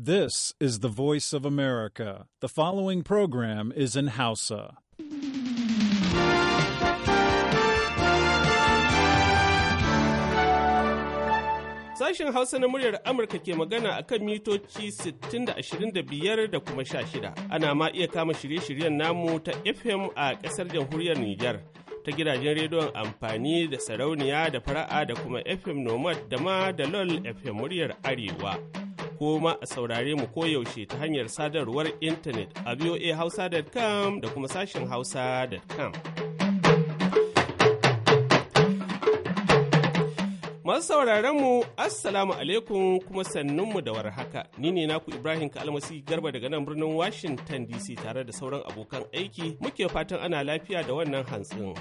This is the voice of America. The following program is in Hausa. Sashen Hausa na muryar Amurka ke magana a kan mitoci 60-25 da kuma 16. Ana ma iya kama shirye-shiryen namu ta FM a ƙasar jamhuriyar Nijar. ta gidajen rediyon amfani da sarauniya da fara'a da kuma fm nomad da ma da lol fm muryar arewa Koma a saurare mu koyaushe ta hanyar sadarwar intanet a voahausa.com da kuma sashen hausa.com. Masu sauraron mu Assalamu alaikum kuma sannunmu da warhaka. Ni ne naku Ibrahim Kalmasi Garba daga nan birnin Washington DC tare da sauran abokan aiki muke fatan ana lafiya da wannan hantsin.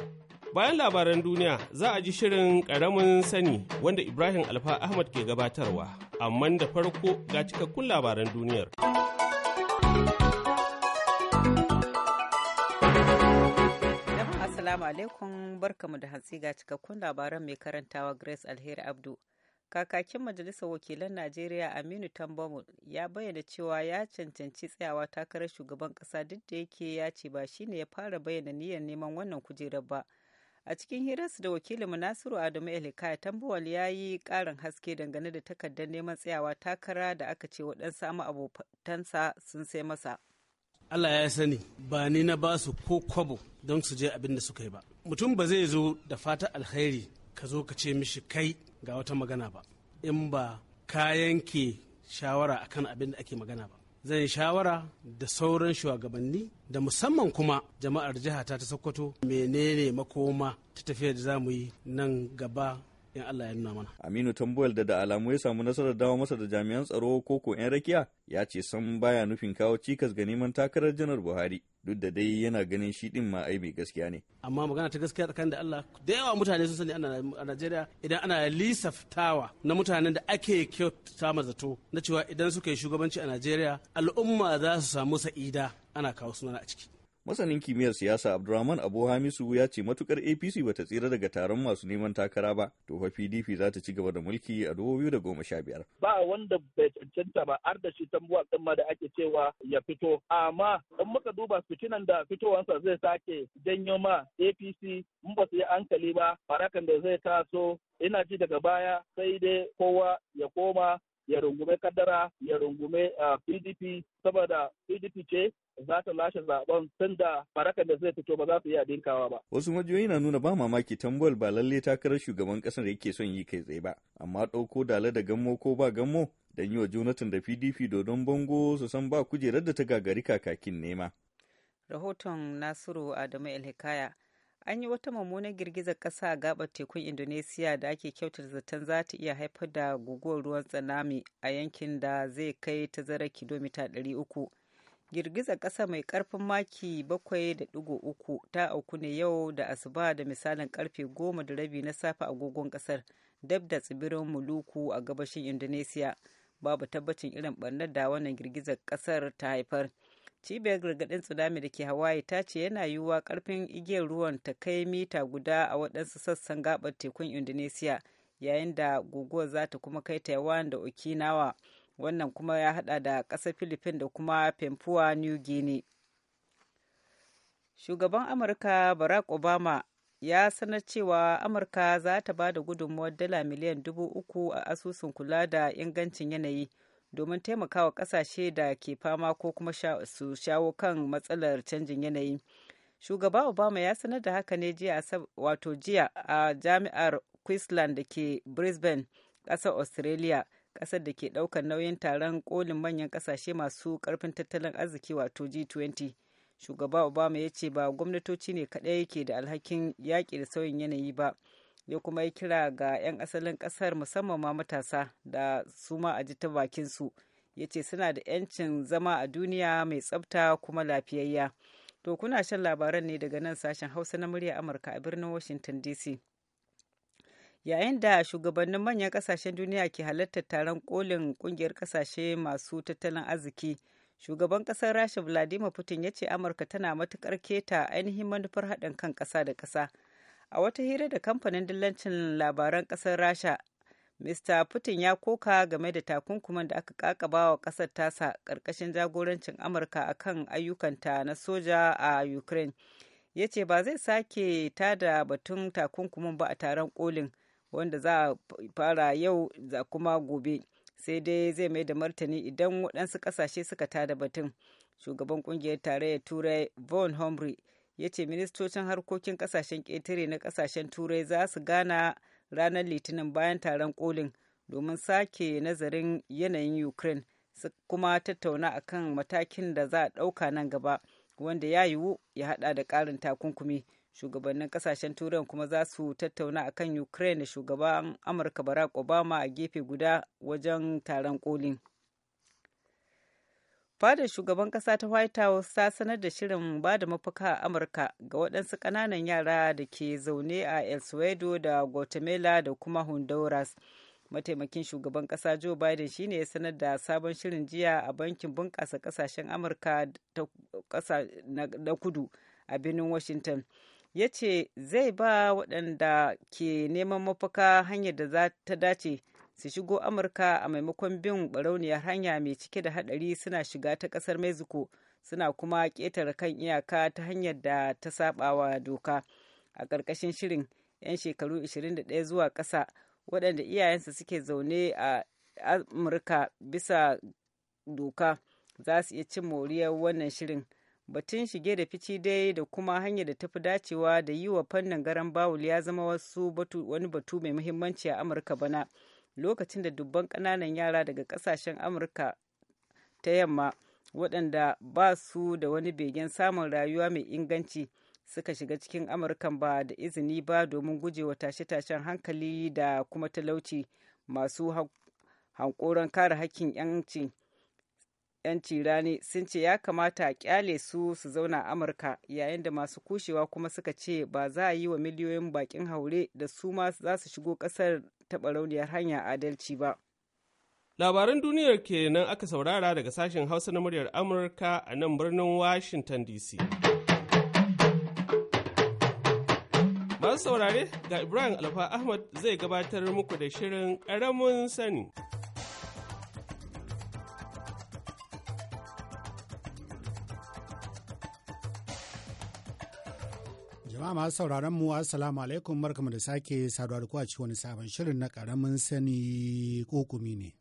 Bayan labaran duniya za a ji shirin ƙaramin sani wanda Ibrahim Alfa Ahmad ke gabatarwa. amma da farko ga cikakkun labaran duniyar. Assalamu alaikum barkamu da hantsi ga cikakkun labaran mai karantawa Grace Alheri Abdu. Kakakin Majalisar Wakilan Najeriya Aminu Tambamu ya bayyana cewa ya cancanci tsayawa takarar shugaban ƙasa duk da yake ya ce ba ne ya fara bayyana niyyar neman wannan kujerar ba. a cikin hirarsu da wakilin nasiru adamu elika tambuwal ya yi karin haske dangane da takardar neman tsayawa takara da aka ce waɗansu ama abokansa sun sai masa Allah ya sani ba ni na ba su ko kwabo don su je abin da suka yi ba mutum ba zai zo da fata alkhairi ka zo ka ce mishi kai ga wata magana ba in ba kayan ke shawara akan abin da ake magana ba zan yi shawara da sauran shugabanni da musamman kuma jama'ar jihata ta sokoto menene makoma ta tafiya da za mu yi nan gaba in Allah ya nuna mana. Aminu Tambuwal da da alamu ya samu nasarar dawo masa da jami'an tsaro ko ko 'yan rakiya ya ce san baya nufin kawo cikas ga neman takarar janar Buhari duk da dai yana ganin shi din ma ai mai gaskiya ne. Amma magana ta gaskiya tsakanin da Allah da yawa mutane sun sani a Najeriya idan ana lisaftawa na mutanen da ake kyauta ma zato na cewa idan suka yi shugabanci a Najeriya al'umma za su samu sa'ida ana kawo sunana a ciki. Masanin kimiyyar siyasa Abdurrahman Abu Hamisu ya ce matukar APC ba ta tsira daga taron masu neman takara ba, to fa PDP za ta ci gaba da mulki a da goma sha biyar. Ba wanda bai cancanta ba har da shi tambuwa din ma da ake cewa ya fito, amma in muka duba fitinan da fitowansa zai sake janyo ma APC in ba su yi hankali ba, farakan da zai taso ina ji daga baya sai dai kowa ya koma ya rungume kadara ya rungume pdp ah, saboda pdp ce za ta lashe zaben sanda farakan da zai fito ba za su iya dinkawa ba. Wasu majiyoyi na nuna ba mamaki tambol ba lalle takarar shugaban ƙasar da yake son yi kai tsaye ba, amma ɗauko dala da gammo ko ba gammo don yi wa Jonathan da PDP dodon bango su san ba kujerar da ta gagari kakakin nema. Rahoton Nasiru Adamu Elhikaya. An yi wata mummunar girgizar ƙasa a gabar tekun Indonesiya da ake kyautar zaton za ta iya haifar da guguwar ruwan tsanami a yankin da zai kai tazarar kilomita 300. girgizar ƙasa mai karfin maki 7.3 ta auku ne yau da asuba da misalin karfe 10 da rabi na safe agogon ƙasar dab da tsibirin muluku a gabashin indonesiya babu tabbacin irin barnar da wannan girgizar ƙasar ta haifar cibiyar gargaɗin tsunami da ke hawaii ta ce yana yiwuwa ƙarfin igiyar ruwan ta kai mita guda a waɗansu sassan gaɓar tekun indonesiya yayin da guguwar za ta kuma kai taiwan da okinawa wannan kuma ya hada da ƙasar philippines da kuma pempuwa new guinea shugaban amurka barack obama ya sanar cewa amurka za ta ba da gudunmuwar dala miliyan dubu uku a asusun kula da ingancin yanayi domin taimakawa kasashe da ke fama ko kuma su shawo kan matsalar canjin yanayi shugaba obama ya sanar da haka ne jiya wato jiya a jami'ar queensland da ke brisbane ƙasar australia ƙasar da ke ɗaukar nauyin taron kolin manyan ƙasashe masu karfin tattalin arziki wato G20. Shugaba Obama ya ce ba gwamnatoci ne kaɗai ke da alhakin yaƙi da sauyin yanayi ba. Ya kuma yi kira ga 'yan asalin ƙasar musamman ma matasa da su ma a ji ta bakinsu. Ya ce suna da 'yancin zama a duniya mai tsafta kuma lafiyayya. To kuna shan labaran ne daga nan sashen Hausa na murya Amurka a birnin Washington DC. yayin da shugabannin manyan kasashen duniya ke halartar taron kolin kungiyar kasashe masu tattalin arziki shugaban kasar rasha vladimir putin ya ce amurka tana matukar keta ainihin manufar haɗin kan ƙasa da ƙasa a wata hira da kamfanin dillancin labaran ƙasar rasha mr putin ya koka game da takunkuman da aka kakaba wa ƙasar tasa ƙarƙashin jagorancin amurka a kan ayyukanta na soja a ukraine ya ce ba zai sake tada batun takunkumin ba a taron kolin wanda za a fara yau za kuma gobe sai dai zai mai da martani idan waɗansu ƙasashe suka tada batun shugaban ƙungiyar tarayyar turai von homri ya ce ministocin harkokin ƙasashen ƙetare na ƙasashen turai za su gana ranar litinin bayan taron ƙolin? domin sake nazarin yanayin ukraine su kuma tattauna akan matakin da za a ɗauka nan gaba wanda ya yiwu ya haɗa da ƙarin takunkumi shugabannin kasashen turai kuma za su tattauna akan ukraine da shugaban amurka barack obama a gefe guda wajen taron kolin fadar shugaban kasa ta white house ta sanar da shirin ba da mafaka a amurka ga waɗansu ƙananan yara da ke zaune a el suedo da guatemala da kuma honduras mataimakin shugaban kasa joe biden shine ya sanar da sabon shirin jiya a bankin bunƙasa ƙasashen amurka na kudu a birnin washington ya ce zai ba waɗanda ke neman mafaka hanyar da za ta dace su shigo amurka a maimakon bin barauniyar hanya mai cike da haɗari suna shiga ta ƙasar mexico suna kuma ƙetare kan iyaka ta hanyar da ta saɓawa doka a ƙarƙashin shirin 'yan shekaru 21 zuwa ƙasa waɗanda iyayensa suke zaune a amurka bisa doka za su iya cin moriyar wannan shirin batun shige da fici dai da kuma hanyar da tafi dacewa da yi wa fannin garan bawul ya zama wasu wani batu mai muhimmanci a amurka bana lokacin da dubban kananan yara daga kasashen amurka ta yamma waɗanda ba su da wani begen samun rayuwa mai inganci suka shiga cikin amurkan ba da izini ba domin gujewa tashe-tashen hankali da kuma talauci masu hankoron kare haƙƙin 'yanci 'yan rani sun ce ya kamata a kyale su su zauna amurka yayin da masu kushewa kuma suka ce ba za a yi wa miliyoyin bakin haure da su ma za su shigo kasar taɓa hanya adalci ba labaran duniyar kenan aka saurara daga sashen hausa na muryar amurka a nan birnin washington dc masu saurare ga ibrahim alfa ahmad zai gabatar muku da shirin ƙaramin sani Jama'a masu sauraron mu assalamu alaikum barkamu da sake saduwa da ku a cikin wani sabon shirin na karamin sani kokumi ne.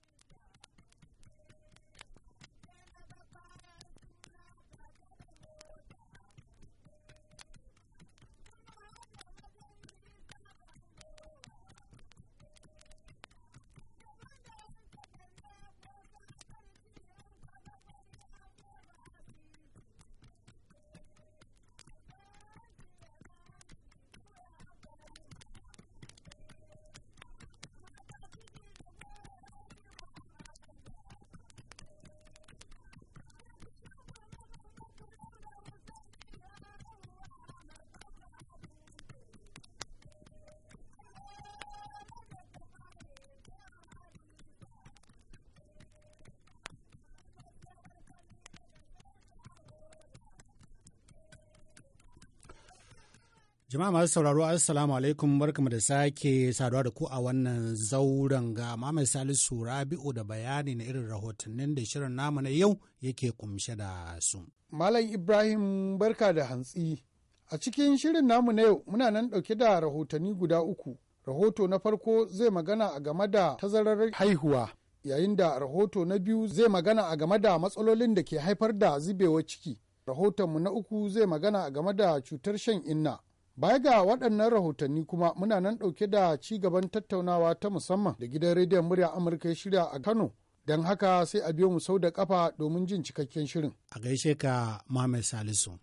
Jama'a masu sauraro Assalamu alaikum barkamu da sake saduwa da ku a wannan zauren ga Mamai Salisu Rabi'u da bayani na irin rahotannin da shirin namu na yau yake kumshe da su. Malam Ibrahim barka da hantsi. A cikin shirin namu na yau muna nan ɗauke da rahotanni guda uku. Rahoto na farko zai magana a game da tazarar haihuwa. Yayin da rahoto na biyu zai magana a game da matsalolin da ke haifar da zubewar ciki. Rahotonmu na uku zai magana a game da cutar shan inna. Baya ga waɗannan rahotanni kuma muna nan ɗauke da ci gaban tattaunawa ta musamman da gidan rediyon murya Amurka ya shirya a Kano. Don haka sai a biyo mu sau da kafa domin jin cikakken shirin. A gaishe ka Mohammed Salisu.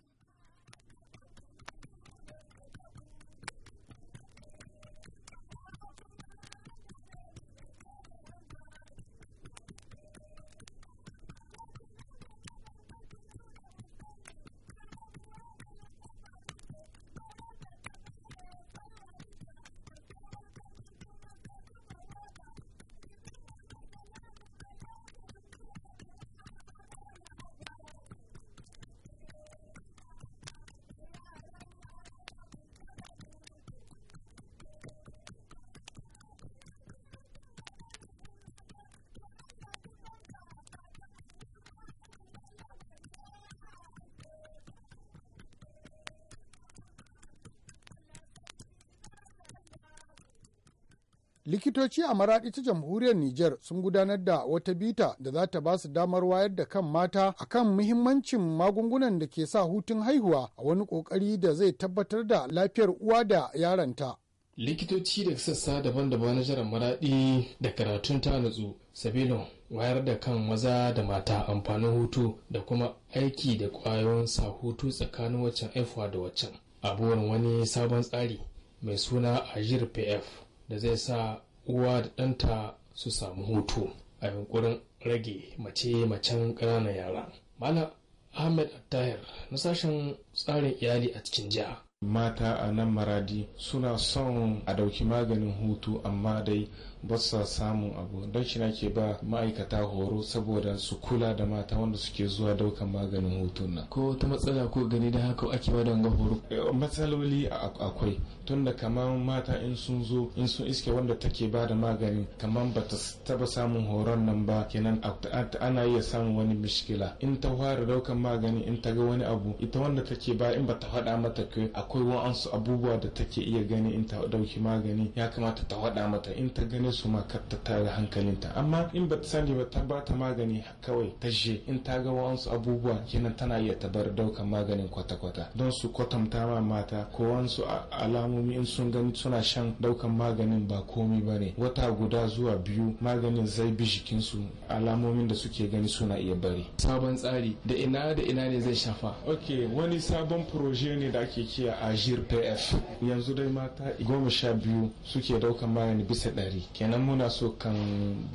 likitoci a maraɗi ta jamhuriyar Nijar sun gudanar da wata bita da za ta ba su damar wayar da kan mata a kan muhimmancin magungunan da ke sa hutun haihuwa a wani ƙoƙari da zai tabbatar da lafiyar uwa da yaranta. Likitoci da sassa daban-daban na jiran maraɗi da karatun ta natsu, sabilin wayar da kan maza da mata amfanin hutu da kuma aiki da ƙwayoyin sa hutu tsakanin waccan haihuwa da waccan. abuwan wani sabon tsari mai suna Ajir PF. da zai sa uwa da ɗanta su samu hutu a yankurin rage mace-macen ƙananan yara. Malam Ahmed Attahir na sashen tsarin iyali a cikin jiya. Mata a nan maradi suna son a ɗauki maganin hutu amma dai ba su samun abu don shi ke ba ma'aikata horo saboda su kula da mata wanda suke zuwa daukan maganin hoton nan ko wata matsala ko gani da haka ake ga horo eh, matsaloli akwai tunda kamar mata in sun zo in sun iske wanda take ba da magani kamar ba ta taba samun horon nan ba kenan ana iya samun wani mishkila in ta fara daukan magani in ta ga wani abu ita wanda take ba in ba ta faɗa mata ke akwai wa'ansu abubuwa da take iya gani in ta dauki magani ya kamata ta faɗa mata in ta gani su ma kar ta tare hankalinta amma in ba ta sani ba ta ba ta magani kawai ta je in ta ga wasu abubuwa kenan tana iya ta bar daukan maganin kwata-kwata don su kwatanta ma mata ko wasu alamomi in sun gani suna shan daukan maganin ba komi ba ne wata guda zuwa biyu maganin zai bi jikinsu alamomin da suke gani suna iya bari sabon tsari da ina da ina ne zai shafa ok wani sabon proje ne da ake kiya jir pf yanzu dai mata goma sha biyu suke daukan magani bisa ɗari kenan muna so kan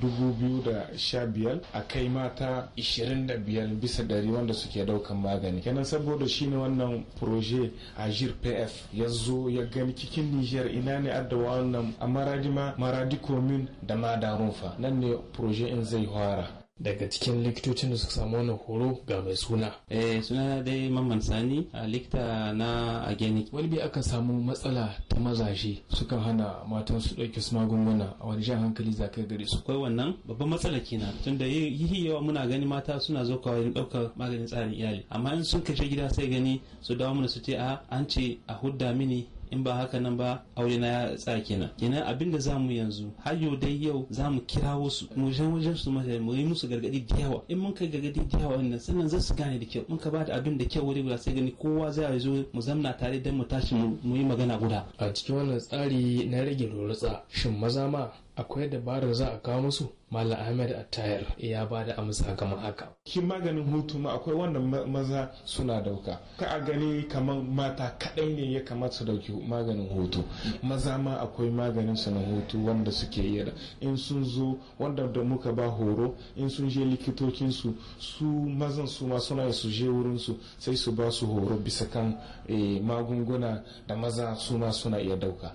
2015 a kai mata 25 bisa dari wanda suke daukan magani kenan saboda shi ne wannan proje ajir pf ya zo ya gani cikin niger ina ne adda wannan a maradima maradi komin da madarunfa nan ne proje in zai fara daga cikin likitocin da suka samu wani horo ga mai suna. Eh suna dai Mamman Sani a likita na ageni. Wani bi aka samu matsala ta mazaje suka hana matan su ɗauki su magunguna a wani jan hankali za ka gare su. Akwai wannan babban matsala kenan tunda yi yawa muna gani mata suna zo kawai ɗaukar maganin tsarin iyali amma in sun kashe gida sai gani su dawo mana su ce a an ce a hudda mini in ba haka nan ba aure na ya tsake kenan kenan abin da zamu yanzu har yau dai yau zamu kirawo wasu mu je wajen su mu yi musu gargadi da yawa in mun kai gargadi da yawa wannan sannan za su gane da kyau mun ka ba da abin da kyau wuri guda sai gani kowa zai zo mu zamna tare dan mu tashi mu yi magana guda a cikin wannan tsari na rage lorutsa shin maza ma akwai dabarar za a kawo musu mala Ahmed Attayar ya ba da amsa gama haka. Shi maganin hutu ma akwai wanda maza suna dauka. Ka a gani kamar mata kaɗai ne ya kamata su dauki maganin hutu. Maza ma akwai maganin su hutu wanda suke yi da in sun zo wanda da muka ba horo in sun je likitocin su su mazan su ma suna su je wurin su sai su ba su horo bisa kan eh, magunguna da maza su ma suna iya dauka.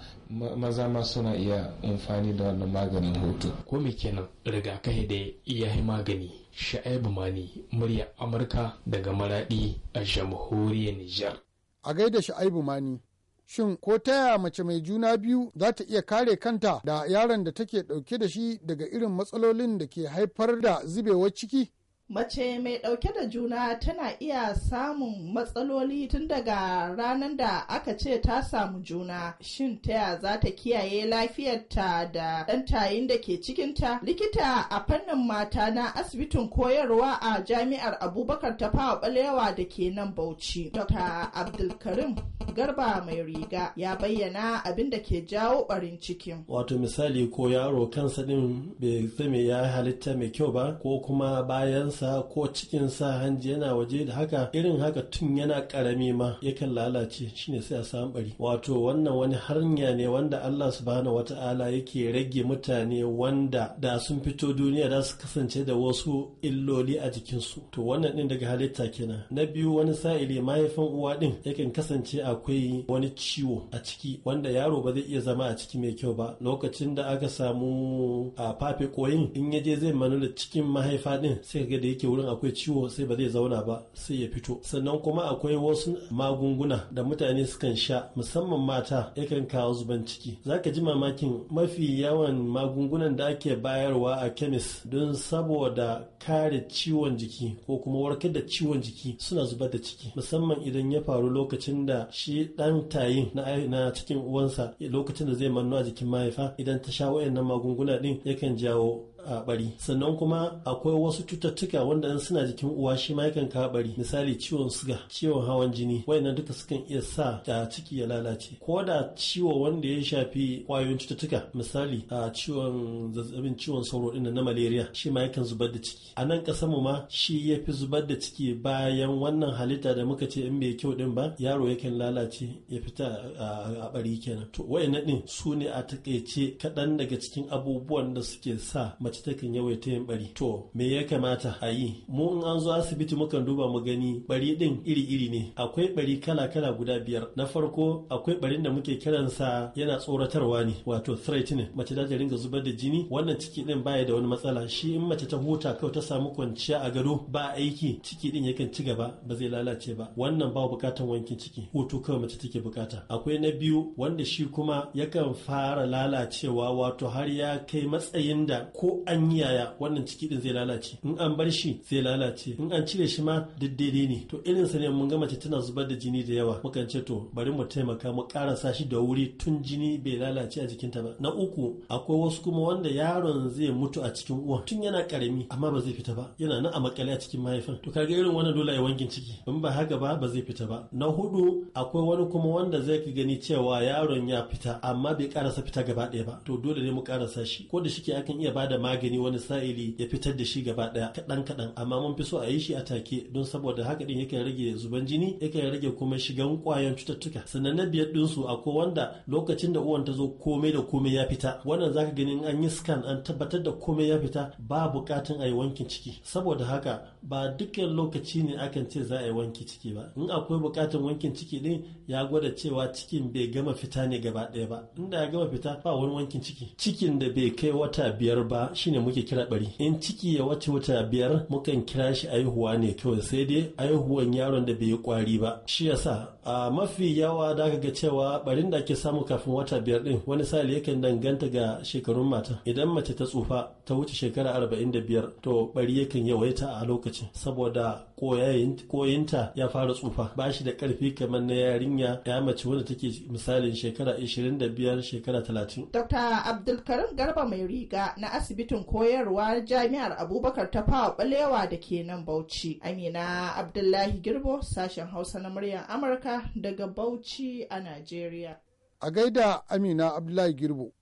maza ma suna iya amfani da wannan maganin hutu ko me kenan rigakafi da iya magani sha'ibu mani murya amurka daga maradi a jamhuriyar nijar a gaida sha'ibu mani shin ko ta mace mai juna biyu za ta iya kare kanta da yaron da take dauke da shi daga irin matsalolin da ke haifar da zubewar ciki Mace mai ɗauke da juna tana iya samun matsaloli tun daga ranar da aka ce ta samu juna. Shin taya za ta kiyaye lafiyarta da ɗan tayin da ke cikinta? Likita a fannin mata na asibitin koyarwa a jami'ar Abubakar ta fawa ɓalewa da ke nan Bauchi. Dr. Abdulkarim Garba mai riga ya bayyana abin da ke jawo ɓarin cikin. Wato misali ko yaro kansa ɗin bai zame ya halitta mai kyau ba ko kuma bayan bayansa ko cikin sa hanji yana waje da haka irin haka tun yana karami ma yakan lalace shine sai a samu bari wato wannan wani harnya ne wanda Allah subhanahu wata'ala yake rage mutane wanda da sun fito duniya da su kasance da wasu illoli a jikinsu to wannan din daga halitta kenan na biyu wani sa'ili mahaifin uwa din yakan kasance akwai wani ciwo a ciki wanda yaro ba zai iya zama a ciki mai kyau ba lokacin da aka samu a fafe koyin in yaje zai manu da cikin mahaifa din sai ga da yake wurin akwai ciwo sai ba zai zauna ba sai ya fito sannan kuma akwai wasu magunguna da mutane sukan sha musamman mata yakan kawo zuban ciki za ka ji mamakin mafi yawan magungunan da ake bayarwa a kemis don saboda kare ciwon jiki ko kuma warkar da ciwon jiki suna zubar da ciki musamman idan ya faru lokacin da shi dan tayin na cikin uwansa lokacin da zai manno a jikin mahaifa idan ta sha wayannan magunguna din yakan jawo A bari sannan kuma akwai wasu cututtuka wanda suna jikin uwa shi ma yakan kawo bari misali ciwon suga ciwon hawan jini wayannan duka sukan iya sa da ciki ya lalace ko da ciwo wanda ya shafi kwayoyin cututtuka misali a ciwon zazzabin ciwon sauro din na malaria shi ma yakan zubar da ciki a nan ƙasar mu ma shi ya fi zubar da ciki bayan wannan halitta da muka ce in bai kyau din ba yaro yakan lalace ya fita a bari kenan to wayannan din su ne a takaice kaɗan daga cikin abubuwan da suke sa mace mace takan yawaita yin bari to me ya kamata a yi mu in an zo asibiti mukan duba mu gani bari din iri-iri ne akwai bari kala-kala guda biyar na farko akwai barin da muke kiransa yana tsoratarwa ne wato threat ne mace ta ringa zubar da jini wannan ciki din baya da wani matsala shi in mace ta huta kawai ta samu kwanciya a gado ba aiki ciki din yakan ci gaba ba zai lalace ba wannan ba bukatan wankin ciki hutu kawai mace take bukata akwai na biyu wanda shi kuma yakan fara lalacewa wato har ya kai matsayin da ko an yi yaya wannan ciki din zai lalace in an bar shi zai lalace in an cire shi ma duk ne to irin sa ne mun ga mace tana zubar da jini da yawa mukan ce to bari mu taimaka mu karasa shi da wuri tun jini bai lalace a jikinta ba na uku akwai wasu kuma wanda yaron zai mutu a cikin uwa tun yana karami amma ba zai fita ba yana nan a makale a cikin mahaifin to kaga irin wannan dole ya wankin ciki in ba haka ba ba zai fita ba na hudu akwai wani kuma wanda zai ka gani cewa yaron ya fita amma bai karasa fita gaba ɗaya ba to dole ne mu karasa shi ko da shike akan iya bada magani wani sa'ili ya fitar da shi gaba daya kaɗan kaɗan amma mun fi so a yi shi a take don saboda haka din yakan rage zuban jini yake rage kuma shigan kwayan cututtuka sannan na biyar din su akwai wanda lokacin da uwan ta zo komai da komai ya fita wannan zaka in an yi scan an tabbatar da komai ya fita ba bukatan a yi wankin ciki saboda haka ba dukkan lokaci ne akan ce za a yi wanki ciki ba in akwai bukatan wankin ciki din ya gwada cewa cikin bai gama fita ne gaba ɗaya ba inda ya gama fita ba wani wankin ciki cikin da bai kai wata biyar ba shine muke kira bari in ciki ya wace wata biyar mukan kira shi aihuwa ne kawai sai dai aihuwan yaron da bai yi kwari ba shi yasa a mafi yawa da ga cewa barin da ake samu kafin wata biyar din wani sali yakan danganta ga shekarun mata idan mace ta tsufa ta wuce shekara arba'in da biyar to bari yakan yawaita a lokacin saboda koyinta ya fara tsufa ba shi da karfi kamar na yarinya ya mace wanda take misalin shekara ishirin da biyar shekara talatin. Dr. Abdulkarim Garba mai riga na asibitin koyarwa jami'ar Abubakar ta fawa balewa da ke nan Bauchi. Amina Abdullahi Girbo sashen Hausa na muryar Amurka daga Bauchi a Najeriya. A gaida Amina Abdullahi Girbo.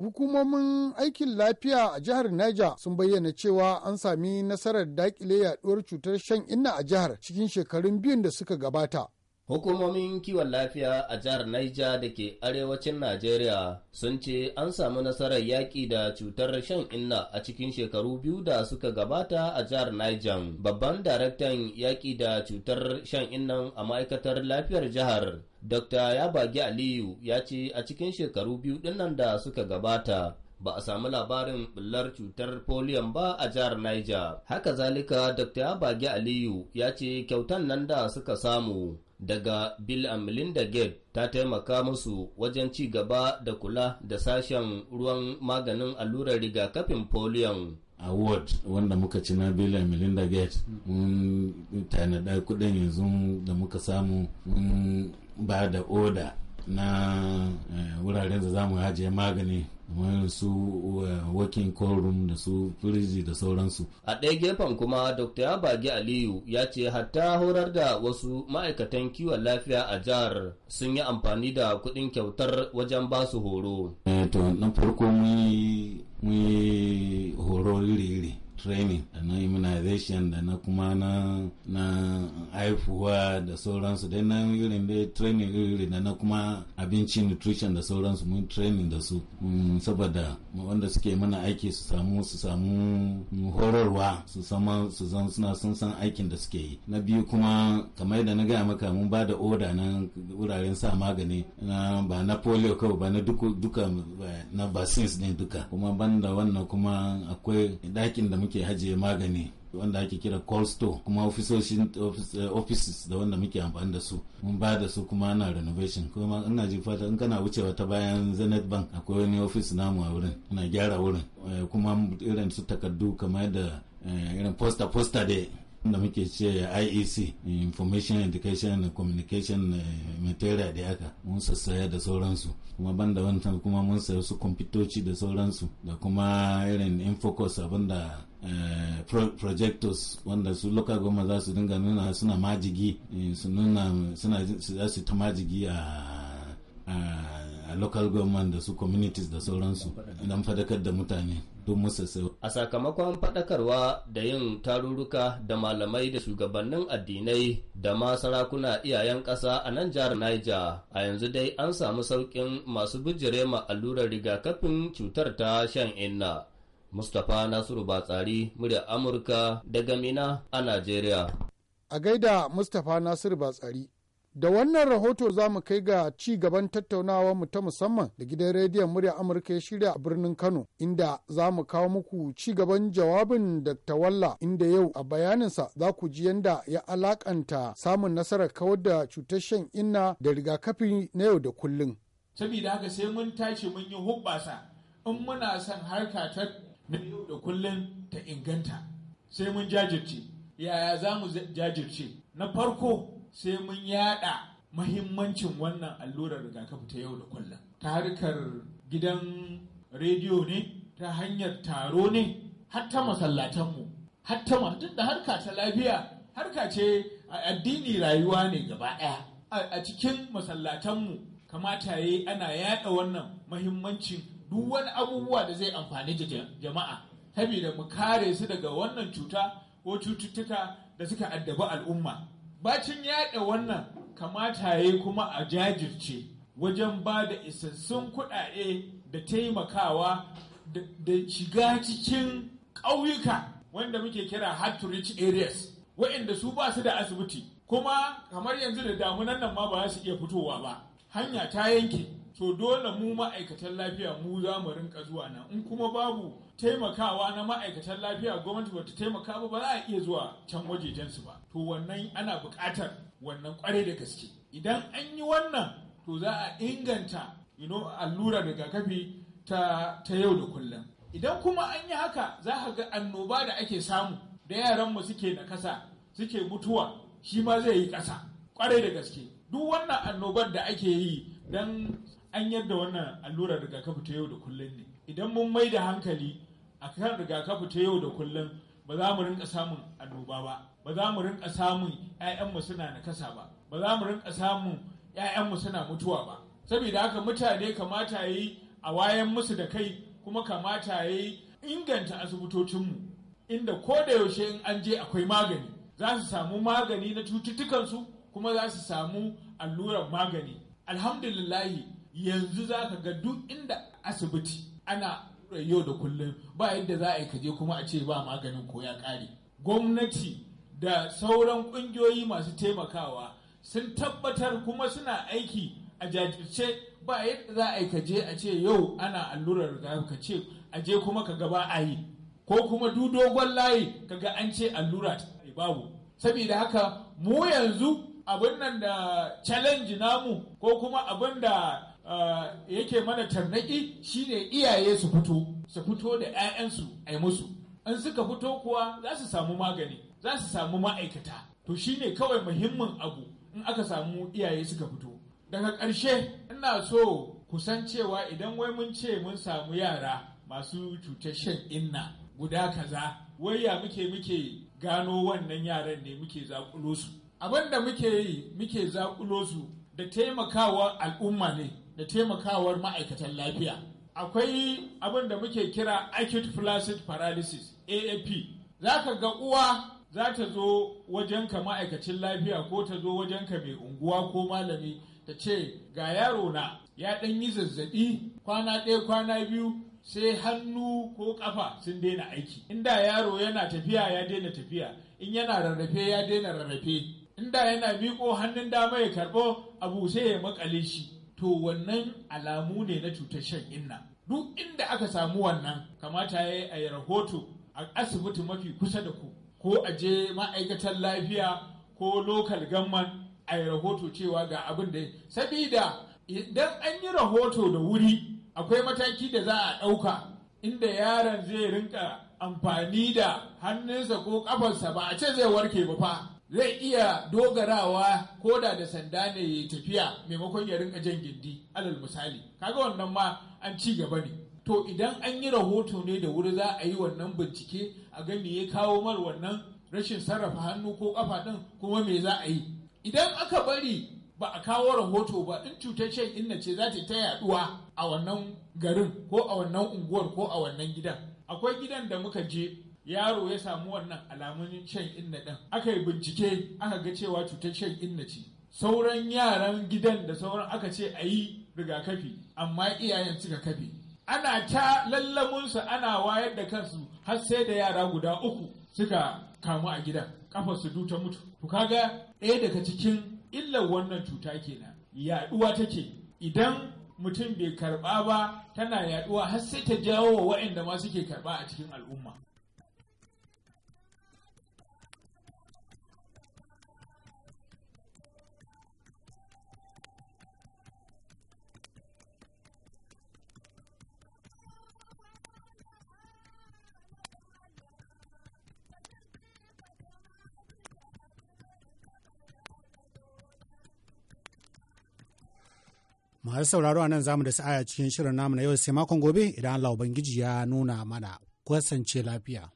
Hukumomin aikin lafiya a jihar Niger sun bayyana cewa an sami nasarar daƙile yaduwar cutar shan inna a jihar cikin shekarun biyun da suka gabata. Hukumomin kiwon lafiya a jihar Naija da ke arewacin Najeriya sun ce an samu nasarar yaƙi da cutar shan inna a cikin shekaru biyu da suka gabata a jihar Niger. Babban daraktan yaƙi da cutar shan innan a ma'aikatar lafiyar jihar, Dr. Yabagi Aliyu ya ce a cikin shekaru biyu dinnan da suka gabata. ba a samu labarin bullar cutar polion ba a jihar Niger. Haka zalika Dr. Abagi Aliyu ya ce kyautan nan da suka samu daga Bill and Melinda Gates ta taimaka musu wajen ci gaba da kula da sashen ruwan maganin allurar rigakafin polio. award wanda muka ci na bill and melinda gates mun tanada kudin yanzu da muka samu mun ba da oda na eh, wuraren da za mu ajiye magani kamar su eh, working call room da su firiji da sauransu. A ɗaya gefen kuma Dr. Yabagi Aliyu ya ce hatta horar da wasu ma'aikatan kiwon lafiya a jihar sun yi amfani da kuɗin kyautar wajen ba su horo. Eh, na farko mun yi horo iri-iri. training da na immunization da na kuma na na haifuwa da sauransu dai na irin dai training iri da na kuma abinci nutrition da sauransu mun training da su mm, saboda wanda suke mana aiki su samu su samu horarwa su sama su zan suna sun san aikin da suke yi na biyu kuma kamar da na gaya maka mun ba da oda na wuraren sa magani na ba na polio kawai ba na duka eh, na vaccines ne duka kuma banda wannan kuma akwai dakin da muke muke hajiye magani wanda ake kira call store kuma ofisoshin eh, offices da wanda muke amfani da su mun ba da su kuma ana renovation kuma ina ji fata in kana wucewa ta bayan zenith bank akwai wani office namu a wurin ina gyara wurin eh, kuma irin su takardu kamar da eh, irin poster poster da da muke ce IEC Information Education and Communication eh, Material da aka mun sassaya da sauransu kuma banda wancan kuma mun sayi su kwamfutoci da sauransu da kuma irin infocus abinda eh, projectors wanda su local goma za su dinga nuna suna majigi eh, su nuna suna za su ta majigi a local government da su communities da sauransu don fadakar da mutane su A sakamakon faɗakarwa da yin tarurruka da malamai da shugabannin addinai da ma sarakuna iyayen ƙasa a nan jihar Niger, a yanzu dai an samu sauƙin masu bijire ma allurar rigakafin cutar ta shan inna. Mustapha Nasiru Batsari, murya Amurka daga Mina a Najeriya. A gaida Mustapha Nasiru Batsari. Da wannan rahoto za mu kai ga ci gaban tattaunawa mu ta musamman da gidan rediyon murya Amurka ya shirya a birnin Kano, inda za mu kawo muku ci gaban jawabin Dr. Walla inda yau a bayaninsa za ku ji yadda ya alakanta samun nasarar kawar da cutar shan inna da rigakafi na yau da kullun. Saboda haka sai mun tashi mun yi hubbasa in muna son harka ta na yau da kullum ta inganta sai mun jajirce. Yaya za mu jajirce? Na farko sai mun yada mahimmancin wannan allurar rigakafi ta yau da kullum ta harkar gidan rediyo ne ta hanyar taro ne hatta masallatanmu hatta matun da harka ta lafiya harka ce addini rayuwa ne gaba ɗaya a cikin masallatanmu kamata yi ana yada wannan mahimmancin duk wani abubuwa da zai amfani jama'a saboda mu kare su daga wannan cuta ko cututtuka da suka addabi al'umma Bacin yaɗa wannan kamata ya yi kuma a jajirce wajen ba da isassun kuɗaɗe da taimakawa da shiga cikin ƙauyuka wanda muke kira hard to reach areas waɗanda su ba su da asibiti kuma kamar yanzu da damunan nan ma ba su iya fitowa ba hanya ta yanke to dole mu ma'aikatan lafiya mu za mu rinka zuwa nan in kuma babu taimakawa na ma'aikatan lafiya gwamnati bata taimaka ba ba za a iya zuwa can waje su ba to wannan ana buƙatar wannan kwarai da gaske idan an yi wannan to za a inganta allura daga kafi ta, ta yau da kullum idan kuma an yi haka za a ga annoba da ake samu da yaran mu suke nakasa suke mutuwa shi ma zai yi ƙasa kwarai da gaske duk wannan annobar da ake yi don an yadda wannan allurar rigakafi ta yau da kullum ne idan mun mai da hankali a kan rigakafi ta yau da kullum ba za mu rinka samun annoba ba ba za mu rinka samun 'ya'yanmu suna nakasa ba ba za mu rinka samun 'ya'yanmu suna mutuwa ba saboda haka mutane kamata yi a wayan musu da kai kuma kamata yi inganta asibitocinmu inda ko da yaushe in an je akwai magani za su samu magani na cututtukansu kuma za su samu allurar magani alhamdulillahi yanzu za ka ga duk inda asibiti ana yau da kullum ba yadda za a yi kaje kuma a ce ba maganin ko ya kare gwamnati da sauran ƙungiyoyi masu taimakawa sun tabbatar kuma suna aiki a jajirce ba yadda za a yi kaje a ce yau ana allurar da ka ce a je kuma ka gaba a yi ko kuma du dogon layi kaga an ce allura babu saboda haka mu yanzu abin nan da challenge namu ko kuma abin da Eh, yake mana tarnaki shine iyaye su fito su fito da 'ya'yansu a yi musu in suka fito kuwa za su samu magani za su samu ma'aikata to shine kawai muhimmin abu in aka samu iyaye suka fito daga ƙarshe ina so kusan cewa idan wai mun ce mun samu yara masu cutar shan inna guda kaza wai ya muke muke gano wannan yaran ne muke zakulo su abin da muke yi muke zakulo su da taimakawa al'umma ne da taimakawar ma'aikatan lafiya akwai abin da muke kira acute flaccid paralysis aap za ka ga uwa za ta zo wajenka ma'aikacin lafiya ko ta zo wajenka mai unguwa ko malami ta ce ga yaro na ya ɗan yi zazzaɓi kwana ɗaya kwana biyu sai hannu ko ƙafa sun daina aiki inda yaro yana tafiya ya daina tafiya in yana rarrafe ya daina rarrafe inda yana miƙo hannun dama ya karɓo abu sai ya makale shi to wannan alamu ne na cutar shan inna duk inda aka samu wannan kamata ya yi rahoto a asibiti mafi kusa da ku ko a je ma'aikatan lafiya ko lokal gamman a yi rahoto cewa ga abin da sabida idan an yi rahoto da wuri akwai mataki da za a ɗauka inda yaron zai rinka amfani da hannunsa ko ƙafarsa ba a ce zai warke ba fa zai iya dogarawa koda da sanda ne ya tafiya maimakon ya rinka jan gindi alal misali kaga wannan ma an ci gaba ne to idan an yi rahoto ne da wuri za a yi wannan bincike a ga me ya kawo mar wannan rashin sarrafa hannu ko kafa din kuma me za a yi idan aka bari ba a kawo rahoto ba in cutar shan inna ce za ta yaduwa a wannan garin ko a wannan unguwar ko a wannan gidan akwai gidan da muka je yaro ya samu wannan alamun shan inna ɗin aka yi bincike aka ga cewa cutar shan inna ce sauran yaran gidan da sauran aka ce a yi rigakafi amma iyayen suka kafe ana ta lallamunsu ana wayar da kansu har sai da yara guda uku suka kamu a gidan kafar su duta mutu ku kaga ɗaya daga cikin illar wannan cuta kenan yaduwa take idan mutum bai karba ba tana yaduwa har sai ta jawo wa waɗanda ma suke karba a cikin al'umma Masu sauraro a nan zamu da sa'aya cikin shirin namu na yau sai makon gobe idan Allah Ubangiji ya nuna mana. Kwasance lafiya.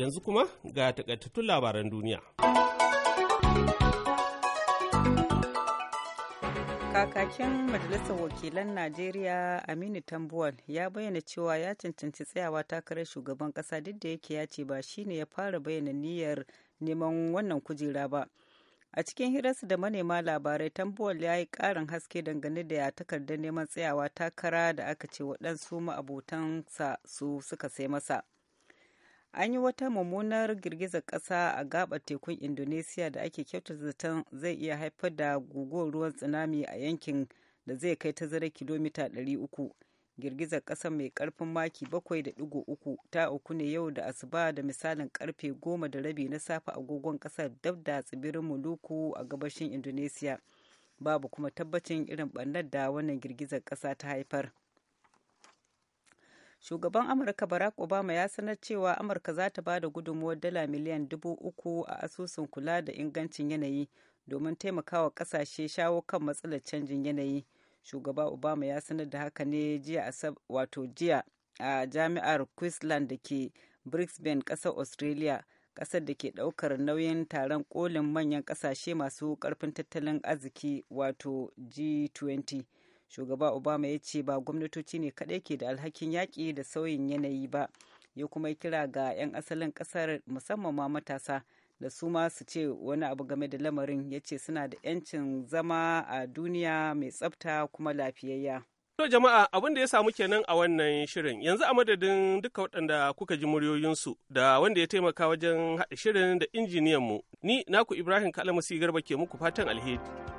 Yanzu kuma ga takaitattun labaran duniya. Kakakin Majalisar Wakilan Najeriya Aminu Tambuwal ya bayyana cewa ya cancanci tsayawa takarar shugaban ƙasa duk da yake ya ce ba shi ne ya fara bayyana niyyar neman wannan kujera ba. A cikin hirarsa da manema labarai Tambuwal ya yi ƙarin haske dangane da takardar neman tsayawa takara da aka ce waɗansu ma'abotansa su suka sai masa. an yi wata mummunar girgizar ƙasa a gabar tekun indonesiya da ake kyautar zaton zai iya haifar da guguwar ruwan tsunami a yankin da zai kai ta zara kilomita 300 girgizar ƙasa mai ƙarfin maki 7.3 ta uku ne yau da asuba da misalin karfe 10 da rabi na safe agogon ƙasar dab da tsibirin muluku a gabashin indonesiya babu kuma tabbacin irin ɓannar da wannan girgizar ƙasa ta haifar. shugaban amurka barack obama ya sanar cewa amurka za ta ba da gudunmuwar dala miliyan dubu uku a asusun kula da ingancin yanayi domin taimakawa kasashe shawo kan matsalar canjin yanayi shugaba obama ya sanar da haka ne jiya wato jiya a jami'ar queensland da ke brisbane ƙasar australia ƙasar da ke daukar nauyin taron kolin manyan kasashe masu karfin tattalin arziki wato g20 shugaba obama ya ce ba gwamnatoci ne kaɗai ke da alhakin yaƙi da sauyin yanayi ba ya kuma kira ga 'yan asalin ƙasar musamman ma matasa da su ma su ce wani abu game da lamarin ya ce suna da 'yancin zama a duniya mai tsafta kuma lafiyayya. To jama'a abin da ya samu kenan a wannan shirin yanzu a madadin duka waɗanda kuka ji muryoyinsu da wanda ya taimaka wajen haɗa shirin da injiniyanmu ni naku Ibrahim Kalamasi Garba ke muku fatan alheri.